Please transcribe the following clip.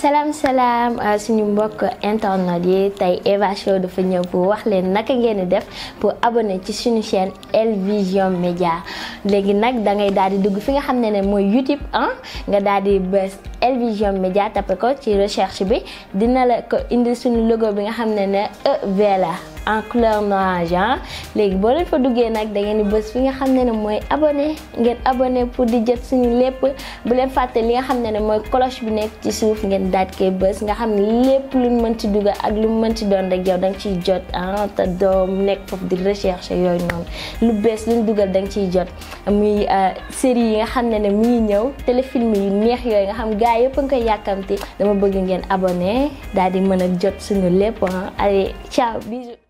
salam salam uh, ah, suñu mbokk internet yi tay Eva show du fa ñëw pour wax leen naka ngeen def pour abonné ci suñu chaîne L Vision Media légui nak da ngay daal di dugg fi nga xamné ne moy YouTube hein nga daal di Elvision Média tappe ko ci recherche bi dina la ko indi suñu logo bi nga xam ne ne EV la en couleur noir ah. léegi boo leen fa duggee nag da ngeen di bës fi nga xam ne ne mooy abonné ngeen abonné pour di jot suñu lépp bu leen fàtte li nga xam ne ne mooy cloche bi nekk ci suuf ngeen daaj koy bës nga xam ne lépp lu mën ci dugal ak lu mën ci doon rek yow da nga ciy jot ah te doo nekk foofu di recherche yooyu noonu lu bees luñ dugal da nga ciy jot muy euh, série yi nga xam ne ne mu ngi ñëw téléfilm yu neex yooyu nga xam gars yëpp a ngi koy yàkkamti dama bëgg ngeen abone daal di mën a jot suñu lépp ah allez ciao